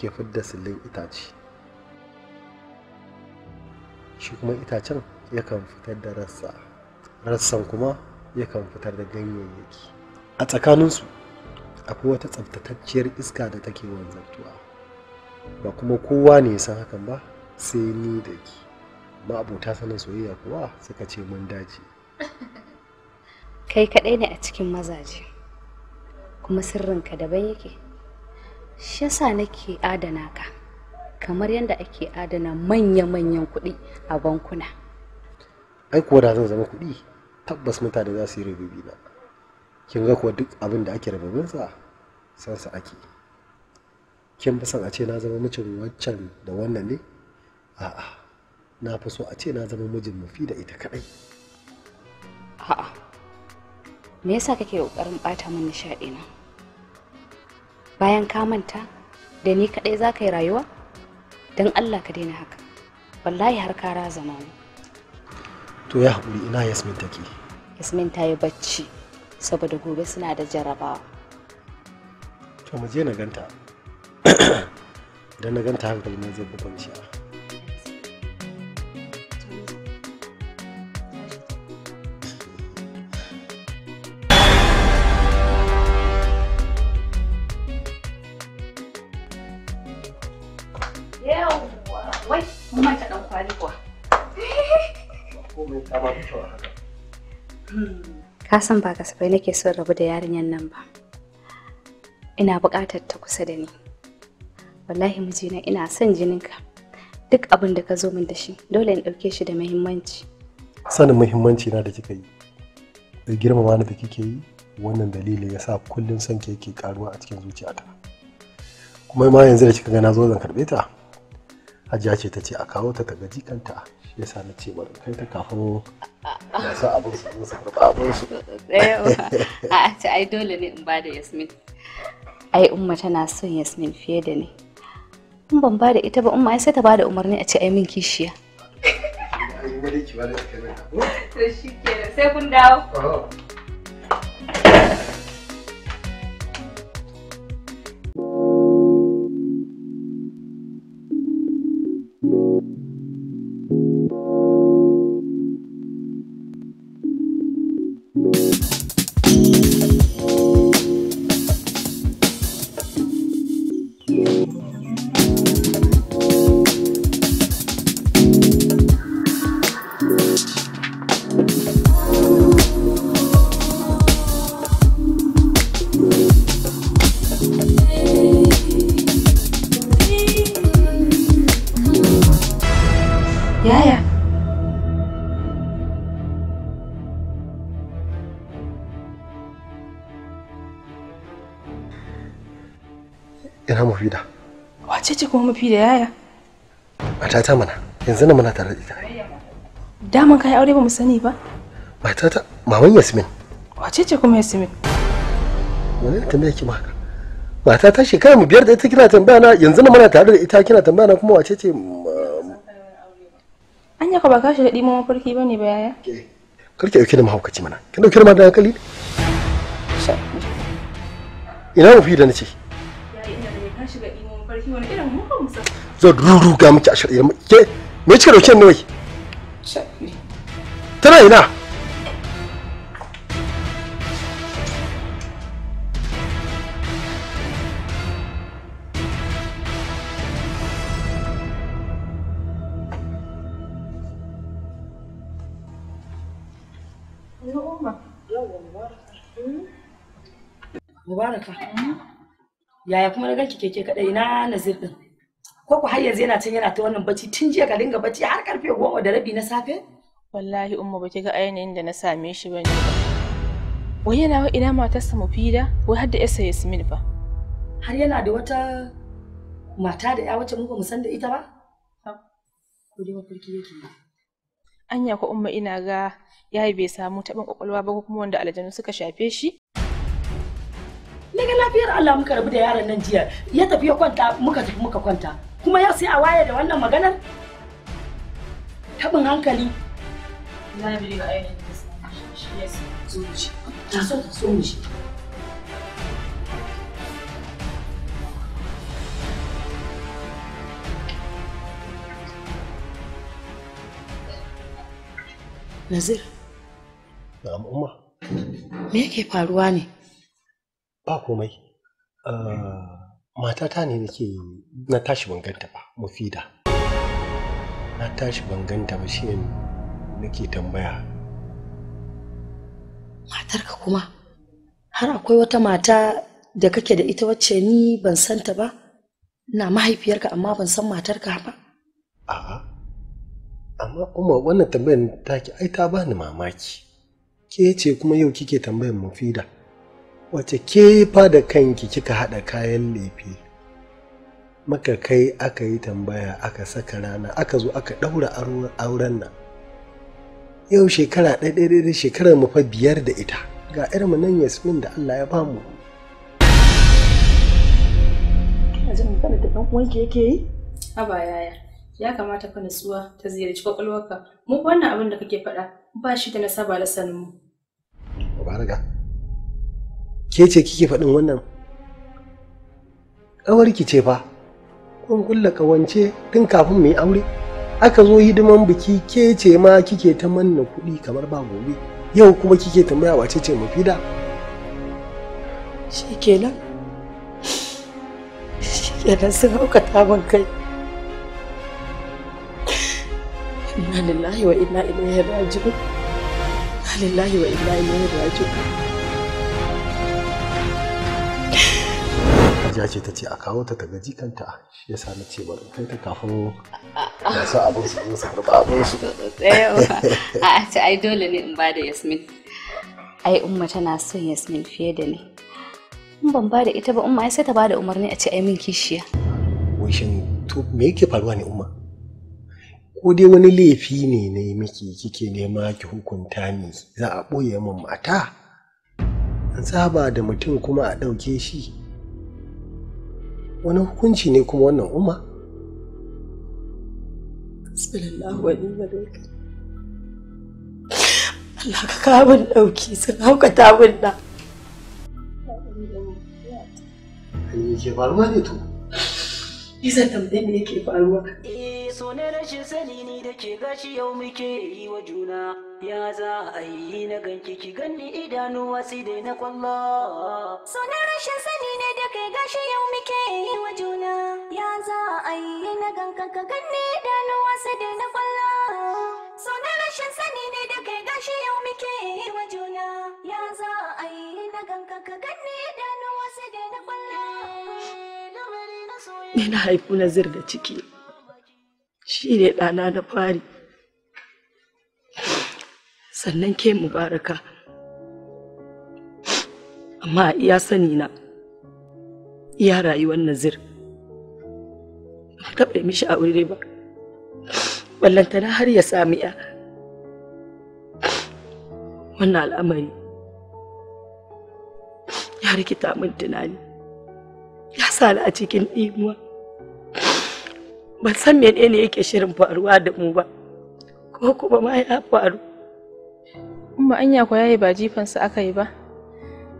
ke fidda sillin itace shi kuma itacen yakan fitar da rassa rassan kuma yakan fitar da ganyayyaki a tsakaninsu akwai wata tsabtatacciyar iska da take wanzartuwa ba kuma kowa ne san hakan ba sai ni da ki abota sanin soyayya kuwa suka ce mun dace kai kaɗai ne a cikin mazaje kuma sirrinka daban yake shi yasa nake adana ka kamar yadda ake adana manya-manyan kuɗi a bankuna ai kuwa da zan zama kuɗi tabbas mutane za su yi rububi na kin ga kuwa duk abin da ake rububinsa san sa ake kin fi san a ce na zama mijin waccan da wannan ne a'a na fi so a ce na zama mijin mafi da ita kaɗai a'a me yasa kake ƙoƙarin ɓata min nishaɗi na bayan ka manta da ni kadai za ka yi rayuwa don allah ka daina haka wallahi har ka zama ne to ya haƙuri ina yasmin take yasmin ta yi bacci saboda gobe suna da jarabawa to mu je na ganta idan na ganta haka kalmar zai buga a. kasan ka san ba kasafai nake son rabu da yarinyar nan ba ina buƙatar ta kusa da ni wallahi mijina ina son jininka duk abin da ka zo min da shi dole in ɗauke shi da muhimmanci sanin muhimmanci na da kika yi da girmama na da kike yi wannan dalili ya sa kullum son ke yake karuwa a cikin zuciyata kuma ma yanzu da kika ga na zo zan karɓe ta hajiya ce ta ce a kawo ta ta gaji kanta ya sa na ce bari kai ta kafin ah, masu abin su zo su karɓa ah. abin su. A'a eh, ta ah, ai dole ne in bada Yasmin. Ai Umma tana son Yasmin fiye da ni. In ban bada ita ba Umma sai ta bada umarni a ce ai min kishiya. Ai ki bada ita ne. To shi kenan sai kun dawo. mafida wace ce kuma mafida yaya matata mana yanzu na muna tare da ita daman kai aure ba mu sani ba matata maman yasmin wace ce kuma yasmin wani tambaya ki maka matata shekara mu biyar da ita kina tambaya na yanzu na muna tare da ita kina tambaya na kuma wace ce um, anya ka ba ka shiga dimon mafarki bane ba yaya karki dauke da mahaukaci mana kin dauke da ma da hankali ina mafi da ce. zan ruruga miki a shirye ke me kika dauke ni wai tana ina Mubaraka. Yaya kuma na ganki keke kadai na Nazir din? ko ku har yanzu yana can yana ta wannan bacci tun jiya ka dinga bacci har karfe goma da rabi na safe wallahi umma ki ga ainihin da na same shi ba ne wai yana wa ina matarsa mufida wai har da isa yasmin ba har yana da wata mata da ya wacce muka musan da ita ba ko dai mafarki yake anya ko umma ina ga yayi bai samu taɓin ƙwaƙwalwa ba ko kuma wanda aljanu suka shafe shi na ga lafiyar Allah muka rabu da yaron nan jiya ya tafi ya kwanta muka tafi muka kwanta kuma yau sai a waye da wannan maganar taɓin hankali Nazir. Na'am umma. Me yake faruwa ne? Ba komai. Uh... matata ne nake na tashi ban ganta ba mufida na tashi ban ganta ba shi ne nake tambaya matarka kuma har akwai wata mata da kake da ita wacce ni ban santa ba na mahaifiyarka amma ban san matarka ba a'a amma kuma wannan tambayar taki ai ta bani mamaki ke ce kuma yau kike tambayar mufida wace ke fa da kanki kika haɗa kayan lefe maka kai aka yi tambaya aka saka rana aka zo aka ɗaura auren nan yau shekara ɗaya da shekarar mu fa biyar da ita ga irin nan yasmin da Allah ya bamu yanzu mun kana da ɗan uwanki yake yi haba yaya ya kamata ka nutsuwa ta ziyarci kwakwalwarka mu wannan abin da kake faɗa ba shi da nasaba da sanin mu ke ce kike faɗin wannan ƙawarki ce fa kun kulla ƙawance tun kafin mu yi aure aka zo hidiman biki ke ce ma kike ta manna kuɗi kamar ba gobe yau kuma kike tambaya wace ce mafida shi kenan shi kenan sun haukata min kai inna lillahi wa inna ilaihi raji'un inna lillahi wa inna ilaihi raji'un hajiya ce ta ce a kawo ta daga jikanta shi ya na ce bari kai ta kafin masu abin su abin su ba abin su. a ce ai dole ne in bada yasmin ai umma tana son yasmin fiye da ni in ban bada ita ba umma ai sai ta bada umarni a ce ai min kishiya. wishin to me yake faruwa ne umma ko dai wani laifi ne na yi miki kike nema ki hukunta ni za a ɓoye min mata. saba da mutum kuma a ɗauke shi wani hukunci ne kuma wannan umma Allah ka kamun ɗauki sun hauka haukata min da. Ni ke faruwa ne to. Isa tambayi me yake faruwa? Eh, so rashin sani ni da ke gashi yau muke yi wa juna. Ya za a yi na ganki ki na So rashin sani ne da gashi yau muke yi wa juna. Ya za a yi na ganka ka na So rashin sani ne da gashi yau muke yi wa juna. Ya za a yi na ganka ka ni na haifu da ciki shi ne ɗana na fari sannan ke mubaraka amma iya sani na iya rayuwar nazir ta taɓa mishi aure ba ballantana har ya sami ya wannan al'amari ya rikita min tunani ya sa a cikin ɗimuwa ban san menene yake shirin faruwa da mu ba ko kuma ma ya faru kuma anya ko yayi ba jifansa aka yi ba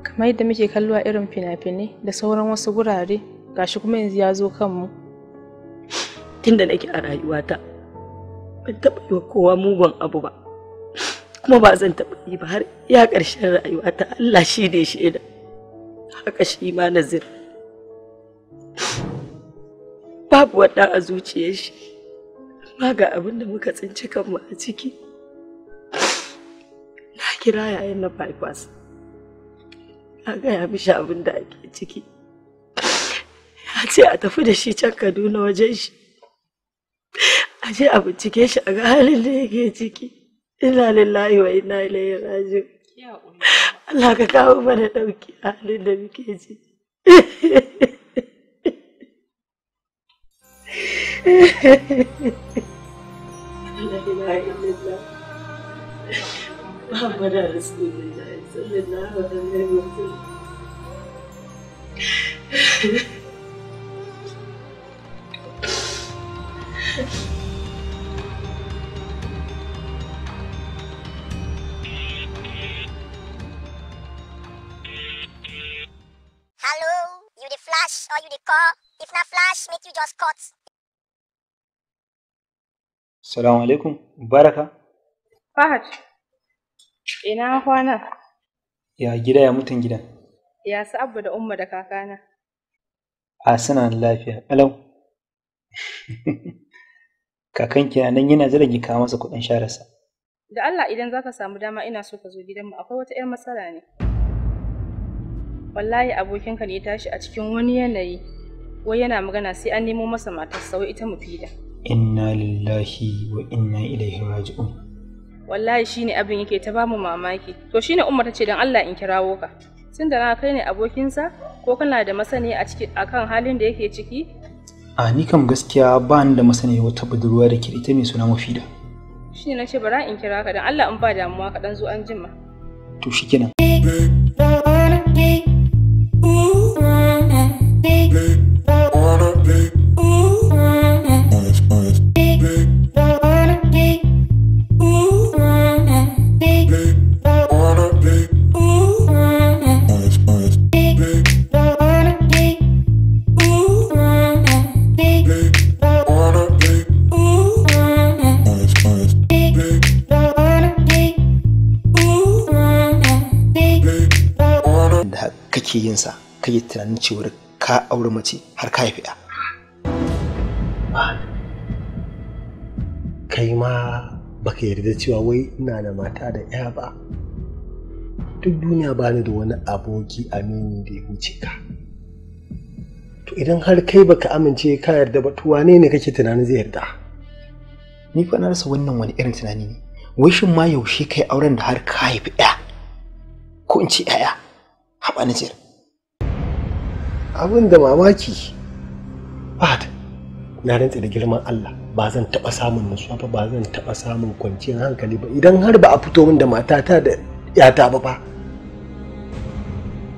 kamar yadda muke kallo a irin fina-finai da sauran wasu gurare gashi kuma yanzu ya zo kanmu tunda nake a rayuwata ban taɓa yi wa kowa mugun abu ba kuma ba zan taɓa yi ba har ya karshen rayuwata Allah shi ne shaida haka shi ma nazir babu wata a zuciyar shi amma ga abin da muka tsinci kanmu a ciki na kira yayin na bypass na ya mishi abin da ake ciki ya ce a tafi da shi can kaduna wajen shi a je a bincike shi a ga halin da yake ciki ina lillahi wa ina ilaihi raji'un Allah ka kawo mana ɗauki halin da muke ciki. Hello, you the flash or you the call? If not flash, make you just cut. Salamu alaikum, baraka. Fahad, ina kwana? Ya gida ya mutan gidan. Ya su abu da umma da kakana. A suna lafiya, alau. Kakan kina nan yana jiran ki kawo masa kuɗin shararsa. Da Allah idan za ka samu dama ina so ka zo gidanmu akwai wata 'yar matsala ne. Wallahi abokinka ne ya tashi a cikin wani yanayi, wai yana magana sai an nemo masa matar sau ita mu fida. inna lillahi wa inna ilaihi raji'un wallahi shine abin yake ta bamu mamaki to shine umma tace dan Allah in kirawo ka da na kai ne abokinsa ko kana da masani a ciki akan halin da yake ciki a ni kam gaskiya ba ni da masani wata budurwa da ke ita mai suna mafida shine nace bara in kira ka dan Allah in ba damuwa ka dan zo an jima to shikenan ake yin sa kai tunanin cewar ka aure mace har ka haifi kai ma baka yarda cewa wai ina da mata da ya ba duk duniya ba ni da wani aboki amini da ya wuce ka to idan har kai baka amince ka yarda ba to wane ne kake tunanin zai yarda ni fa na rasa wannan wani irin tunani ne wai shin ma yaushe kai auren da har ka haifi ɗaya ko in ce ƴaƴa habanijir Nijar. Abin da mamaki Fahad na rantse da girman Allah ba zan taɓa samun nutsuwa ba ba zan taɓa samun kwanciyar hankali ba idan har ba a fito min da matata da yata ba ba.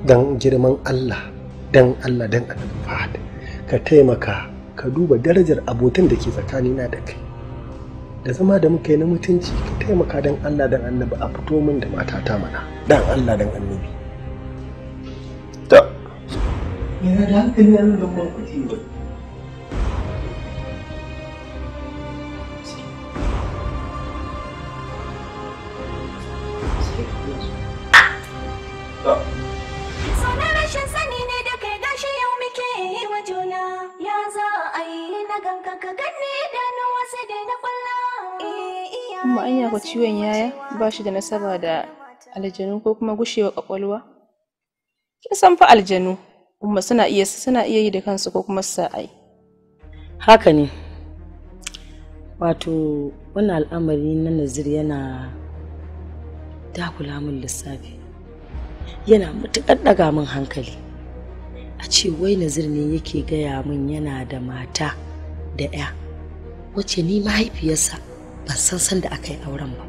Dan girman Allah dan Allah dan annabi fad ka taimaka ka duba darajar abotan da ke tsakanina da kai. da zama da muka yi na mutunci ka taimaka don Allah don annabi a fito min da matata mana dan Allah don annabi yana da hankali yana da kuma kuɗi ba ciwon yaya ba shi da nasaba da aljanu ko kuma gushewa kwakwalwa kin san fa aljanu kuma suna iya suna iya yi da kansu ko kuma su sa'ai haka ne wato wannan al'amari na nazir yana dakula min lissafi yana matuƙar ɗaga min hankali a ce wai nazir ne yake gaya min yana da mata da 'ya wacce ni mahaifiyarsa ban san san da aka yi auren ba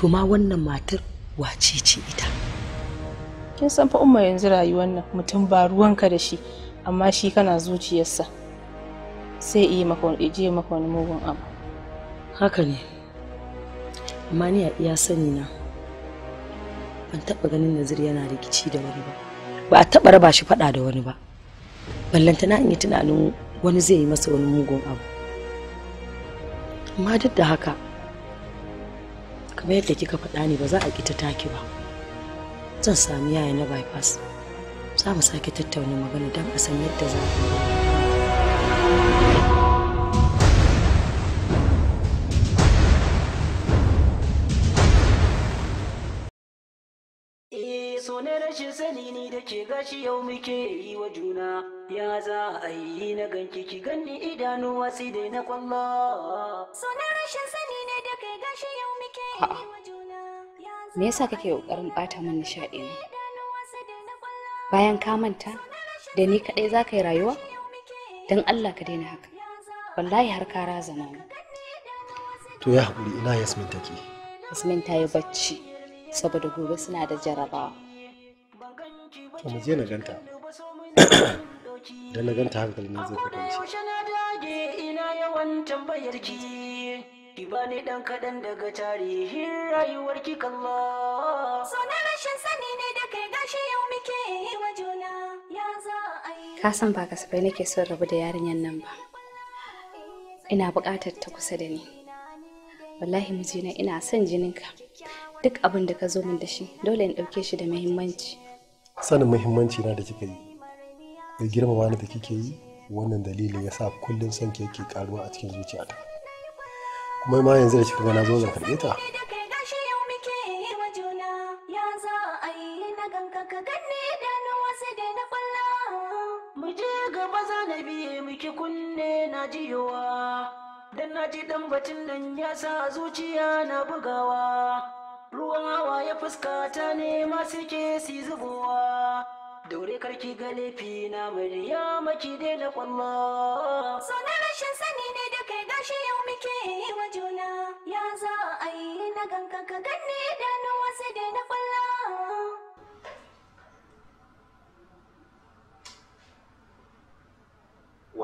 to ma wannan matar wace ce ita kin san fa umma yanzu rayuwar nan mutum ba ruwanka da shi amma shi kana zuciyarsa sai iya maka wani je maka wani mugun abu haka ne amma ni a iya sani na ban taba ganin Nazir yana rikici da wani ba ba a taba raba shi faɗa da wani ba na in yi tunanin wani zai yi masa wani mugun abu amma duk da haka kamar yadda kika faɗa ne ba za a ƙi ta taki ba zan sami yaya na bypass za mu sake tattauna magana don a san yadda za a eh, so rashin sani ni da ke gashi yau muke yi wa juna ya za a yi na ganki ki ganni idanu wasi dai na kwallo so rashin sani ne da ke gashi yau muke yi wa me yasa kake kokarin bata min nishaɗi ne bayan ka manta da ni kaɗai za ka yi rayuwa don allah ka daina haka wallahi har ka raza mu to ya haƙuri ina yasmin take yasmin ta yi bacci saboda gobe suna da jarabawa to mu je na ganta dan na ganta hankali na zai fita shi ina yawan tambayar ki ki bani dan kaɗan daga tarihin rayuwar ki kalla so na rashin sani ne da kai gashi yau muke yi wa juna ya za a yi ka san ba kasafai nake son rabu da yarinyar nan ba ina buƙatar ta kusa da ni wallahi mijina ina son jininka duk abin da ka zo min da shi dole in ɗauke shi da muhimmanci sanin muhimmanci na da kika yi da girmama da kike yi wannan dalilin ya sa kullum son ke ke karuwa a cikin zuciyata kuma ma yanzu da kika ga na zo zan karɓe ta Dan na ji dan batun nan ya sa zuciya na bugawa, ruwan hawa ya fuskata ne masu ke si zubowa. daure karki ga laifi na murya maki daina kwallo so na rashin sani ne da kai gashi yau muke yi wa juna ya za a yi na ganka ka ganni idanu wasu na kwallo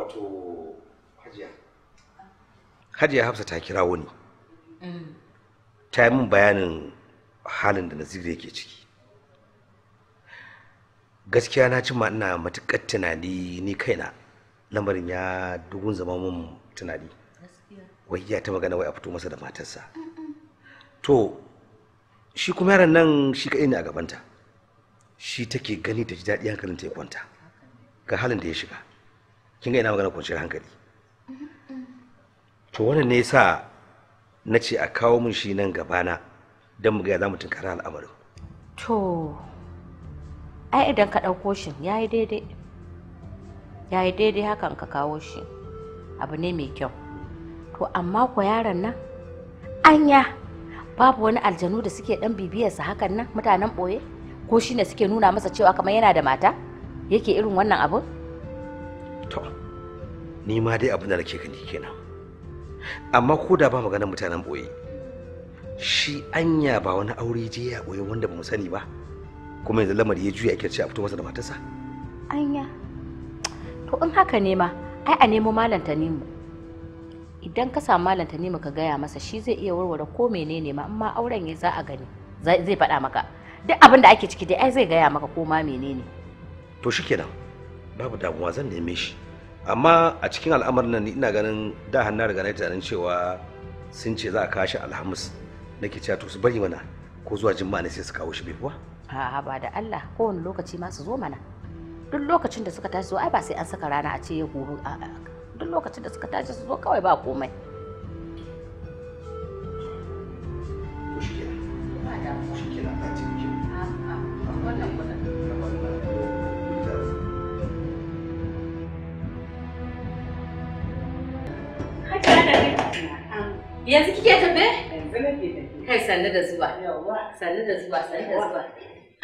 wato hajiya hajiya hafsa ta kira wani ta yi min bayanin halin da nazir yake ciki gaskiya na cimma ina matuƙar tunani ni kaina lamarin ya dugun zama mun tunani wai ya ta magana wai a fito masa da matarsa to shi kuma yaran nan shi kaɗai ne a gabanta shi take gani ta ji daɗi hankalin ta ya kwanta ga halin da ya shiga kin ga ina magana kwanciyar hankali to wannan ne yasa na ce a kawo min shi nan gabana don mu ga za mu tunkara al'amarin to ai idan ka ɗauko shi ya yi daidai ya yi daidai hakan ka kawo shi abu ne mai kyau to amma ko yaron nan anya babu wani aljanu da suke dan bibiyarsa hakan nan mutanen ɓoye ko shi ne suke nuna masa cewa kamar yana da mata yake irin wannan abu to ni ma dai abin da nake gani kenan amma ko da ba maganar mutanen ɓoye shi anya ba wani aure je ya ɓoye wanda ba mu sani ba kuma yanzu lamari ya juya ake ce a fito masa da matarsa anya to in haka ne ma ai a nemo malam tanimu idan ka samu malam tanimu ka gaya masa shi zai iya warware ko menene ma amma auren ya za a gani zai faɗa maka duk abin da ake ciki dai ai zai gaya maka ko ma menene to shikenan babu damuwa zan neme shi amma a cikin al'amarin nan ina ganin da hannu riga na tunanin cewa sun ce za a kashi alhamis nake cewa to su bari mana ko zuwa jimma ne sai su kawo shi bai kuwa a'a ba da Allah kowane lokaci ma su zo mana duk lokacin da suka tashi zo ai ba sai an saka rana a ce ya gobe duk lokacin da suka tashi su zo kawai ba komai yanzu kike tafe? yanzu nake tafe. Kai sannu da zuwa. Yawwa. Sannu da zuwa, sannu da zuwa.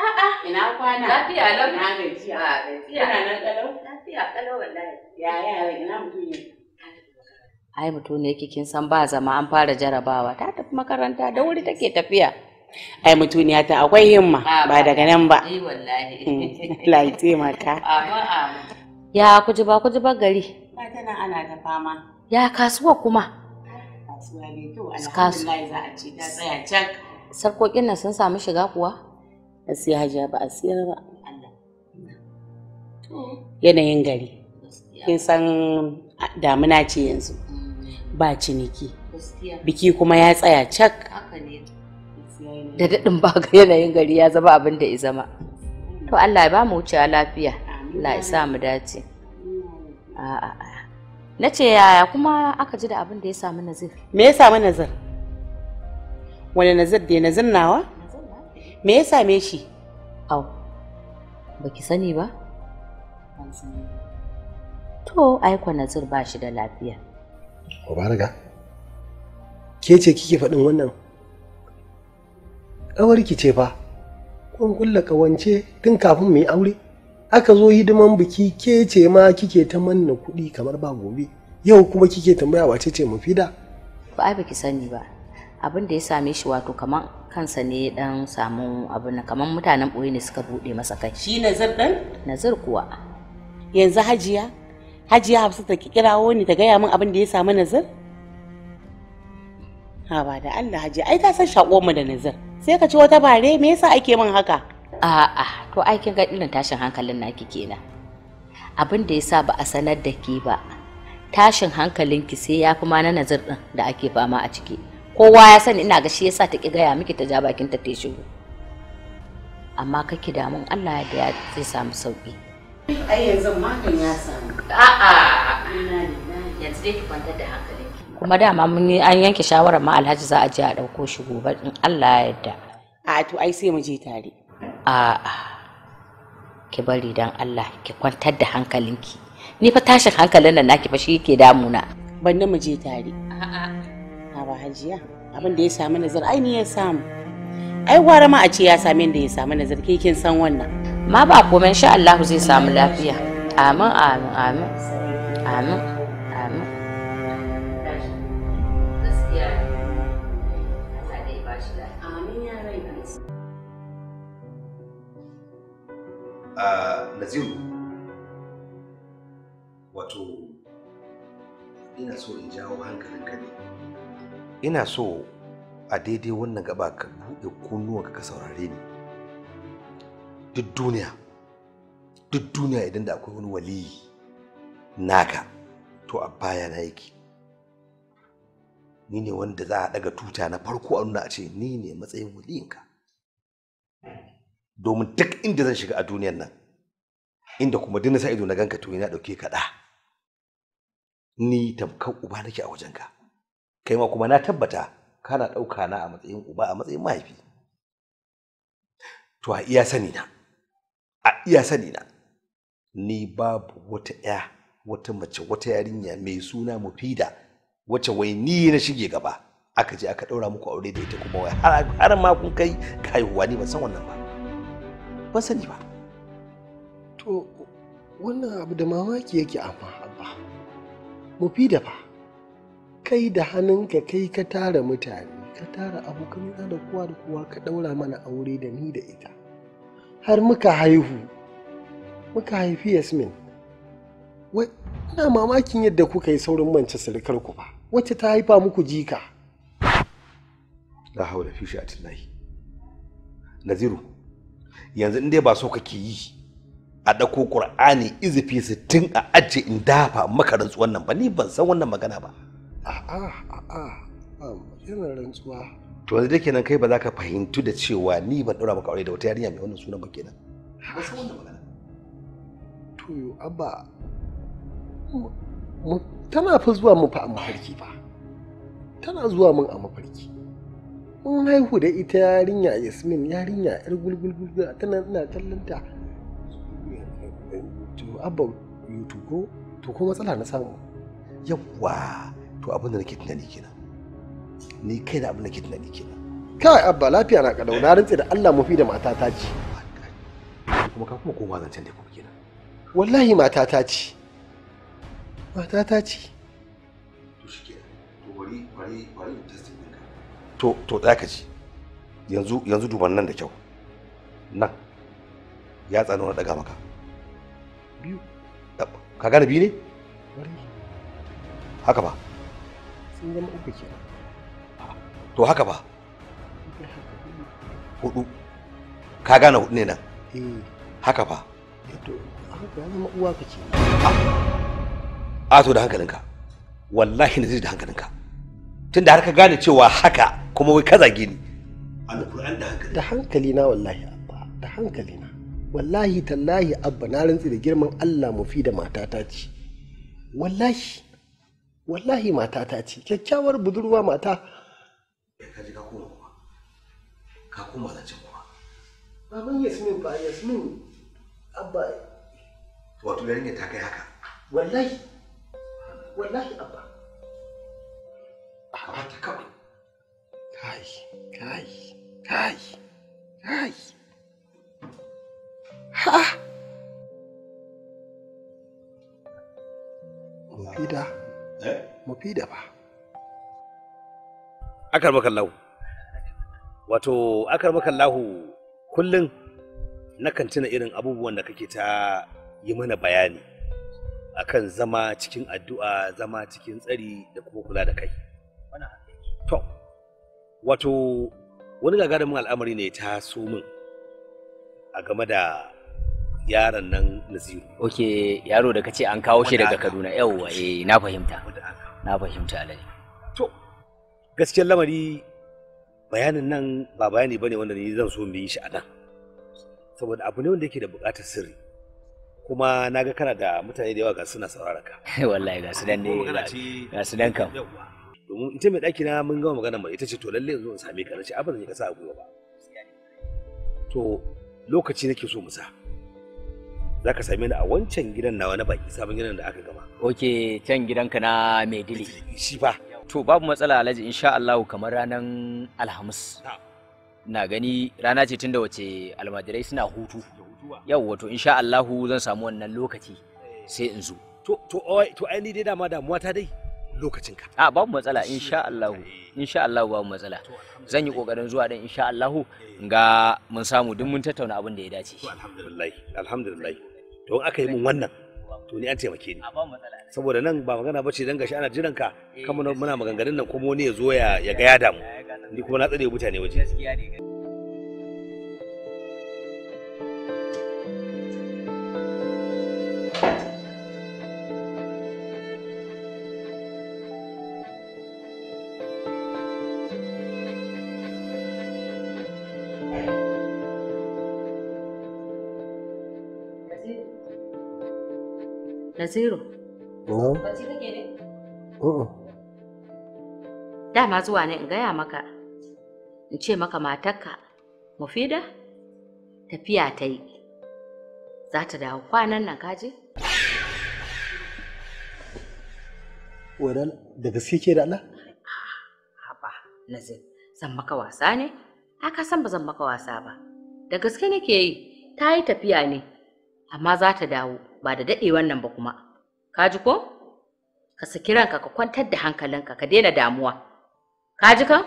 A'a. Ina kwana. Lafiya lau. Ina gaji. A gaji. Ina nan kalau. Lafiya kalau wallahi. Ya yara ina mutum Ai mutum ne yake kin san ba zama an fara jarabawa ta tafi makaranta da wuri take tafiya. Ai mutuniya ta akwai himma ba daga nan ba. Ai eh, wallahi. Allah ya taimaka. Amma amma. Ya kujiba kujiba gari. Ba ta nan ana ta fama. Ya kasuwa kuma. Kasuwa ne to alhamdulillah za a ce ta tsaya can. Sarkokin nan sun samu shiga kuwa? A siya hajiya ba a siyar ba yanayin gari kin san damuna ce yanzu mm. ba ciniki biki kuma ya tsaya cak da daɗin ba ga yanayin gari ya zama abin da ya zama to Allah ya ba mu wucewa lafiya Allah ya sa mu dace na ce yaya kuma aka ji da abin da ya samu nazir me ya samu nazir wani nazir da ya nazir nawa me ya same shi au baki sani ba to aiko nazir ba shi da lafiya mubaraga ke ce kike faɗin wannan ƙawarki ce fa kun kulla ƙawance tun kafin mu yi aure aka zo hidiman biki ke ce ma kike ta manna kuɗi kamar ba gobe yau kuma kike tambaya wace ce da? ba ai baki sani ba abin da ya same shi wato kamar kansa ne dan samu abu na kamar mutanen ɓoye ne suka buɗe masa kai shi nazar ɗan nazar kuwa yanzu hajiya hajiya hafsa ta kirawo ni ta gaya min abin da ya samu nazar ha ba da allah hajiya ai ta san shaƙo mu da nazar sai ka ci wata bare me yasa ake min haka a'a to ai kin ga irin tashin hankalin naki kenan abin da yasa ba a sanar da ki ba tashin hankalinki sai ya fi ma na nazar ɗin da ake fama a ciki kowa ya sani ina ga shi yasa ta ki gaya miki ta ja bakin ta shigo amma kake mun Allah ya da ya zai samu sauki ai yanzu makan ya samu a'a yanzu dai ki kwantar da hankalinki kuma dama mun yi an yanke shawarar ma Alhaji za a je a dauko shi gobe in Allah ya yarda a to ai sai mu je tare a'a ki bari dan Allah ki kwantar da hankalinki ni fa tashin hankalin nan naki fa shi yake damuna banne mu je tare a'a hajiya abin da ya samu nazar ai ni ya samu ai gwara ma a ce ya sami da ya samu nazar ke kin san wannan ma ba komai insha Allah zai samu lafiya amin amin amin amin amin Uh, Naziru, wato ina so in jawo hankalinka ne ina so a daidai wannan gaba ka buɗe kunnuwanka ka saurare ni duk duniya duk duniya idan da akwai wani waliyi naka to a baya na yake ni ne wanda za a daga tuta na farko a nuna a ce ni ne matsayin waliyinka domin duk inda zan shiga a duniyan nan inda kuma duk na ido na ganka to ina dauke ka da ni tamkar uba nake a wajenka kai ma kuma na tabbata kana ɗauka na a matsayin uba a matsayin mahaifi to a iya sani na a iya sani na ni babu wata ya wata mace wata yarinya mai suna mufida wacce wai ni na shige gaba aka je aka ɗaura muku aure da ita kuma wai har ma kun kai ka ni ban san wannan ba ban sani ba to wannan abu da mamaki yake amma abba mufida ba kai da hannunka kai ka tara mutane ka tara abokanina da kowa da kowa ka ɗaura mana aure da ni da ita har muka haihu muka haifi yasmin wai ina mamakin yadda kuka yi saurin mance surukar ku ba wacce ta haifa muku jika la haula fi sha'atillahi naziru yanzu in dai ba so kake yi a ɗauko ƙur'ani izifi sittin a ajiye in dafa maka rantsuwan nan ba ni ban san wannan magana ba a'a a'a maganar rantsuwa to yanzu da kenan kai ba za ka fahimtu da cewa ni ban ɗora maka aure da wata yarinya mai wannan sunan ba kenan ba san wanda magana to abba tana fa zuwa mun fa a mafarki fa tana zuwa mun a mafarki mun haihu da ita yarinya yasmin yarinya yar gulgulgul tana ina kallon to abba to ko to ko matsala na samu yawwa to abin da nake tunani kenan ni kai da abin da nake tunani kenan kai abba lafiya na kalau na rantse da Allah mafi da ta ci kuma ka kuma koma zancen da kuma kenan wallahi mata ta ci. Mata to ci? to to to ka ji yanzu yanzu duban nan da kyau nan ya tsano na daga maka biyu ka gane biyu ne haka ba sun zama uku ke to haka ba hudu ka gane hudu ne nan eh. haka ba eh, to haka ya zama uwa kake a ah. ah, to da hankalinka wallahi zai da hankalinka tunda har ka gane cewa haka kuma wai kaza gini da hankali da hankali na wallahi abba da hankali na wallahi tallahi abba na rantsi da girman Allah mu fi da matata ce wallahi wallahi mata ta ce kyakkyawar budurwa mata eh, ka ji ka koma kuma ka koma da cin kuma baban yasmin ba yasmin abba wato yarinya ta kai haka wallahi wallahi abba abba ta kawai kai kai kai kai ha Vida. Eh? da ba akar makallahu wato akar makallahu kullum na tuna irin abubuwan da kake ta yi mana bayani akan zama cikin addu'a zama cikin tsari da kuma kula da kai to wato wani gagarumin al'amari ne ta so min a game da yaron nan Naziru. Ok, yaro da kace an kawo shi daga Kaduna. yauwa eh na fahimta. Na fahimta alai. To, gaskiyar lamari bayanin nan ba bayani bane wanda ni zan so mu yi shi a nan. Saboda abu ne wanda yake da buƙatar sirri. Kuma na ga kana da mutane da yawa ga suna saurara ka. Wallahi ga su dan ne ga su dan kam. Domin ita mai ɗaki na mun gama magana mai ita ce to lalle zo in same ka na ce abin da ka sa a gwiwa ba. To lokaci nake so mu sa. za ka same ni a wancan gidan nawa na baki sabon gidan da aka gama. Ok, can gidanka na Maidili. Shi ba. To babu matsala Alhaji insha Allah kamar ranar Alhamis. Na gani rana ce tunda wace almajirai suna hutu. Yau wato insha Allah zan samu wannan lokaci eh. sai in zo. To to oh, to ai ni dai dama damuwa ta dai lokacin ka. A babu matsala insha Allah. Insha Allah babu matsala. Zan yi kokarin zuwa don insha Allah eh. ga mun samu duk mun tattauna abin da ya dace. Alhamdulillah. Alhamdulillah. Don in aka yi min wannan to ni an taimake ni saboda nan ba magana bace dan gashi ana jiran ka eh, kuma muna maganganun nan kuma wani ya zo ya ga ya damu ni kuma na tsare mutane waje Naziru. Bacci kake ne? Dama zuwa ne in gaya maka, in ce maka matarka, Mufida, tafiya ta yi, za ta dawo kwanan nan kaji? Wadan da gaske ke da Allah? Haba, Nazir, zan maka wasa ne? Haka san ba zan maka wasa ba. Da gaske nake yi, ta yi tafiya ne, amma za ta dawo ba da daɗewan nan ba kuma ka ji ko ka saki ranka ka kwantar da hankalinka ka daina damuwa ka ji kan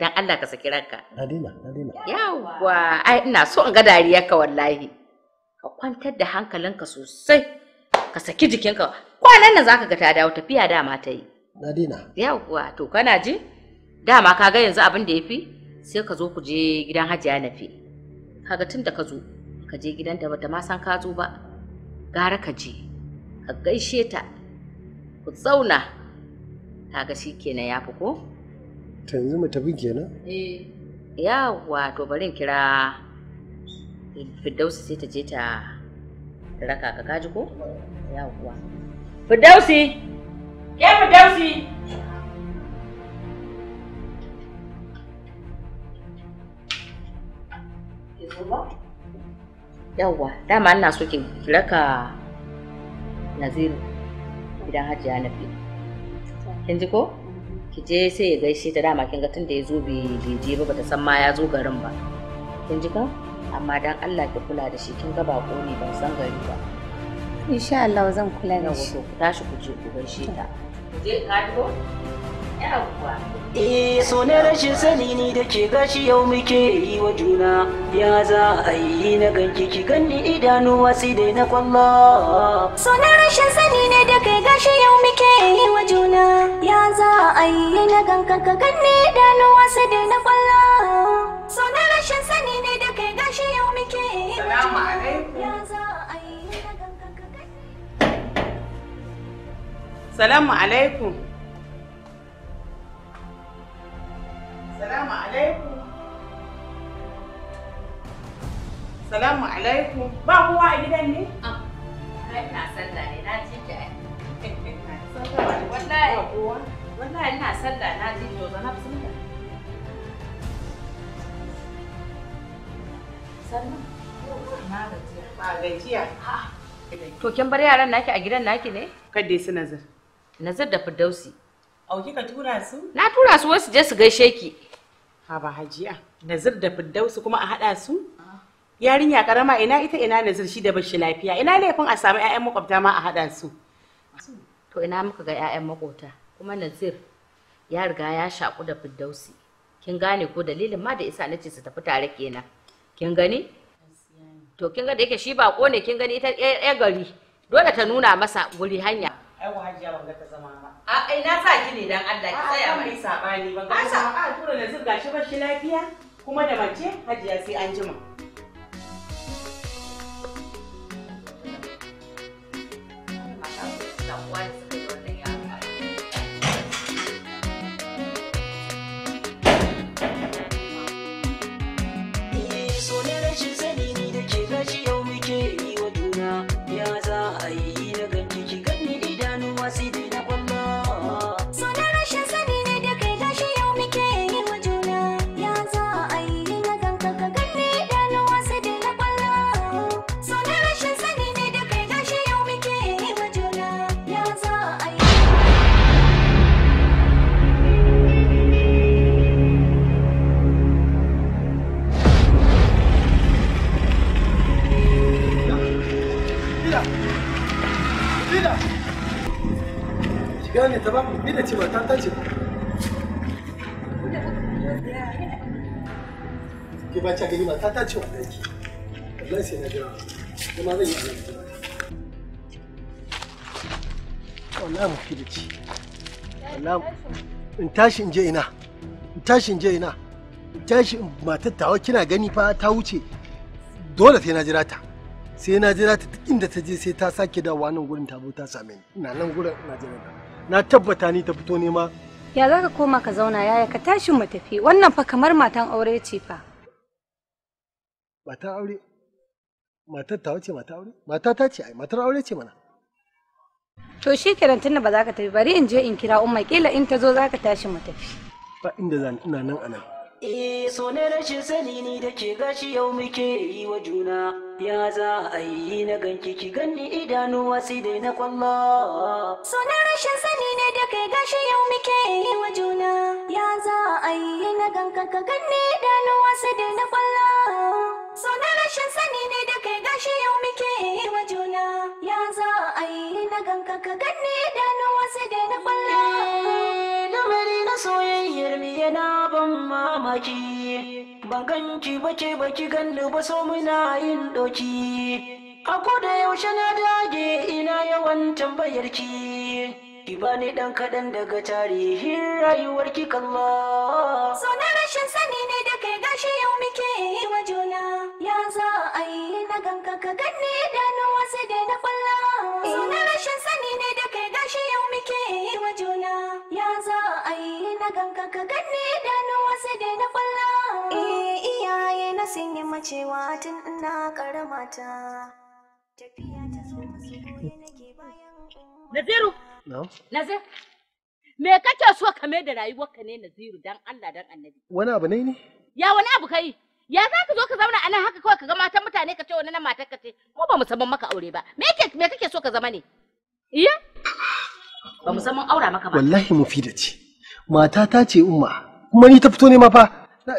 dan Allah ka saki ranka Adina Adina yawa ai ina so in ga dariyarka wallahi ka kwantar da hankalinka sosai ka saki jikinka kwanan nan zaka ga ta dawo tafiya dama ta yi Adina daina yawa to kana ji dama ka ga yanzu abin da yafi sai ka zo ku je gidan Hajiya Nafi kaga tun da ka zo ka je gidanta bata ma san ka zo ba gara ka je ka gaishe ta ku zauna kaga shi kenan ya fi ko ta yanzu mu tafi kenan eh yawa to bari kira Firdausi sai ta je ta raka ka kaji ko yawa Firdausi ke Firdausi Is yawwa dama ina so ki raka naziru idan hajiya ya fi kin ji ko ki je sai ya gaishe ta dama kin ga tun da ya zo bai je ba bata san ma ya zo garin ba kin ji ka amma dan Allah ki kula da shi kin ga bako ne ban san gari ba insha Allah zan kula da shi ku tashi ku je ku gaishe ta je ka ji ko Eh so ne rashin sani ni da ke gashi yau muke yi wa juna ya za a yi na ganki ki gani idanuwa sai dai na kwallo. So ne rashin sani ne da ke gashi yau muke yi wa juna ya za a yi na ganka ka gani idanuwa sai dai na kwallo. So ne rashin sani ne da ke gashi yau muke yi wa juna ya za a yi na ganka ka gani. Salamu alaikum. Salamu alaikum. Salamu alaikum. Ba kowa a gidan ne? Kai ah, na sallah ne, na ji ki ai. Wallahi. Wallahi ina sallah na ji to zan zana sallah. Sallah. Na gajiya. Ba gajiya. Ah. To kin bar yaran naki a gidan naki ne? Kadai su nazar. Nazar da Firdausi. Au kika tura su? Na tura su wasu je su gaishe ki. Haba hajiya, Nazir da Firdausu kuma a haɗa su? Yarinya ƙarama, ina ita ina Nazir shi da bashi lafiya, ina laifin a samu 'ya'yan makwabta ma a haɗa su. To ina muka ga 'ya'yan makwabta, kuma Nazir ya riga ya shaƙu da Firdausu. Kin gane ko dalilin ma da isa na ce su tafi tare kenan. Kin gani? To kin ga da yake shi bako ne kin gani ita 'yan gari. Dole ta nuna masa guri hanya. ai wa hajiya ban ga ta zama ba a ina sa ki ne dan Allah ki tsaya mai sabani ban ga a tura da zurga shi ba shi lafiya kuma da mace hajiya sai an jima ta ba gani tashi in je ina tashi in je ina in tashi matar kina gani fa ta wuce dole sai na jira ta sai na jira ta duk inda ta je sai ta sake dawowa nan gurin ta bu ta same ni ina nan gurin na jira ta na tabbata ni ta fito nema ya za ka koma ka zauna yaya ka tashi mu tafi wannan fa kamar matan aure ce fa matan aure matar ta wace mata aure mata ta ce ai matar aure ce mana to shi kenan tunda ba za ka tafi bari in je in kira umma kila in ta zo za ka tashi mu tafi ba inda zan ina nan anan Eh so na rashin sani ni da ke gashi yau muke yi wa juna ya za a yi na ganki ki ganni idanuwa sai dai na kwalla. So na rashin sani ne da ke gashi yau muke yi wa juna ya za a yi na ganka ka ganni idanuwa sai dai na kwalla. So na rashin sani ne da ke gashi yau muke yi wa juna ya za a yi na ganka ka ganni idanuwa sai dai na kwalla. soyayyar mi yana ban mamaki ban ganci bace baki gandu ba so muna yin doki a da yaushe na dage ina yawan tambayar ki ki bani dan kaɗan daga tarihin rayuwar ki kalla so na rashin sani ne da kai gashi yau muke yi wa juna ya za a yi na ganka ka ganni idanun wasu da na kwalla so na rashin sani na ganka ka ganne idanu wasu da na kwallo eh iyaye na sun yi macewa tun ina karama ta tafiya ta zo masu nake bayan Naziru Nazir me kake so ka mai da rayuwarka ne Naziru dan Allah dan Annabi wani abu ne ne ya wani abu kai ya za ka zo ka zauna a nan haka kawai ka ga matan mutane ka ce wani na matar ka ce mu ba mu san maka aure ba me kake me kake so ka zama ne iya ba mu san mun aura maka ba wallahi mufida ce mata ta ce umma kuma ni ta fito ne ma fa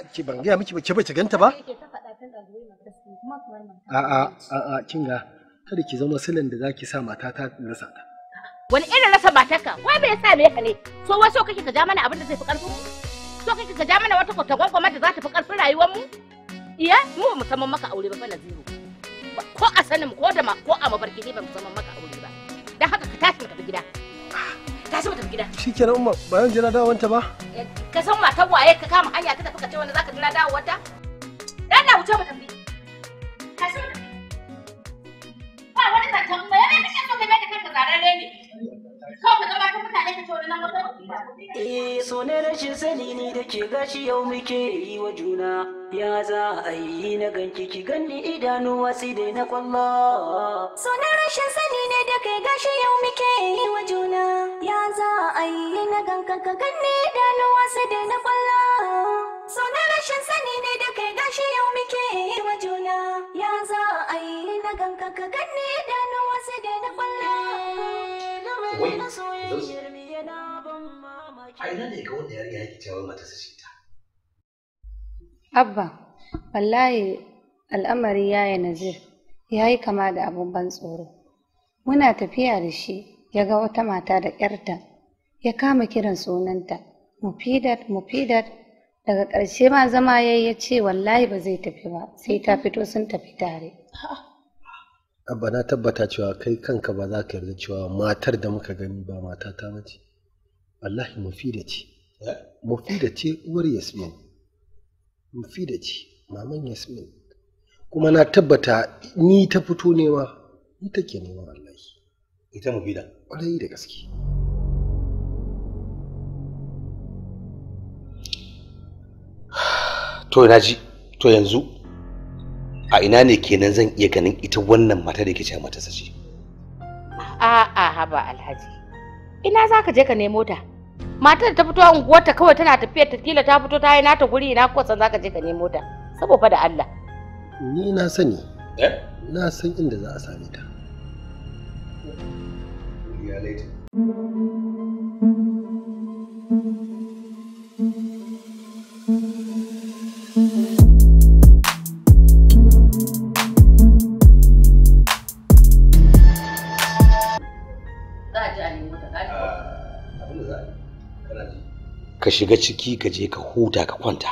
ki ban gaya miki ba ki bace ganta ba a'a a kinga kada ki zama silan da zaki sa mata ta rasa ta wani irin rasa matarka wai me yasa me ka ne so wai so kake ka ja mana abin da zai fi karfin mu so kake ka ja mana wata kwata gwangwama da za ta fi karfin rayuwar mu iya mu ba mu san maka aure ba bana zero. ko a sanin ko da ma ko a mabarkini ne ba mu san maka aure ba dan haka ka tashi ka tafi gida ka mu tafi gida shikenan umma ba zan jira dawowanta ba eh, ka san matar waye ka kama hanya ka tafi ka ce wanda zaka jira dawowarta dan da wuce mu tafi tashi mu tafi ba wani zancen mai ne kake so kai da kanka zararre ne Eh so ne rashin sani ni da ke gashi yau muke yi wa juna ya za a yi na ganki ki ganni idanuwa sai dai na kwalla. So ne rashin sani ne da ke gashi yau muke yi wa juna ya za a yi na ganka ka ganni idanuwa sai dai na kwalla. So ne rashin sani ne da ke gashi yau muke yi wa juna ya za a yi na ganka ka ganni idanuwa sai dai na kwalla. a ina ne ga wanda yarinya yake cewa mata su abba wallahi al'amari yi nazir ya yi kama da abin ban tsoro muna tafiya da shi ya ga wata mata da ƙyarta ya kama kiran sunanta mufidat mufidat daga ƙarshe ma zama ya ya ce wallahi ba zai tafi ba sai ta fito sun tafi tare abba na tabbata cewa kai kanka ba za ka yarda cewa matar da muka gani ba mata ta mace wallahi da ce eh? da ce uwar yasmin da ce maman yasmin kuma na tabbata ni ta fito nema ni take nema wallahi ita da kwarai da gaske to na ji to yanzu a ina ne kenan zan iya ganin ita wannan mata da ke ce mata sace a'a haba alhaji ina za ka je ka nemo ta matar da ta fito unguwar ta kawai tana tafiya ta kila ta fito ta yi nata guri na ko san za ka je ka nemo ta saboda da Allah ni na sani eh? na san inda za a same ta Thank you. ka shiga ciki ka je ka huta ka kwanta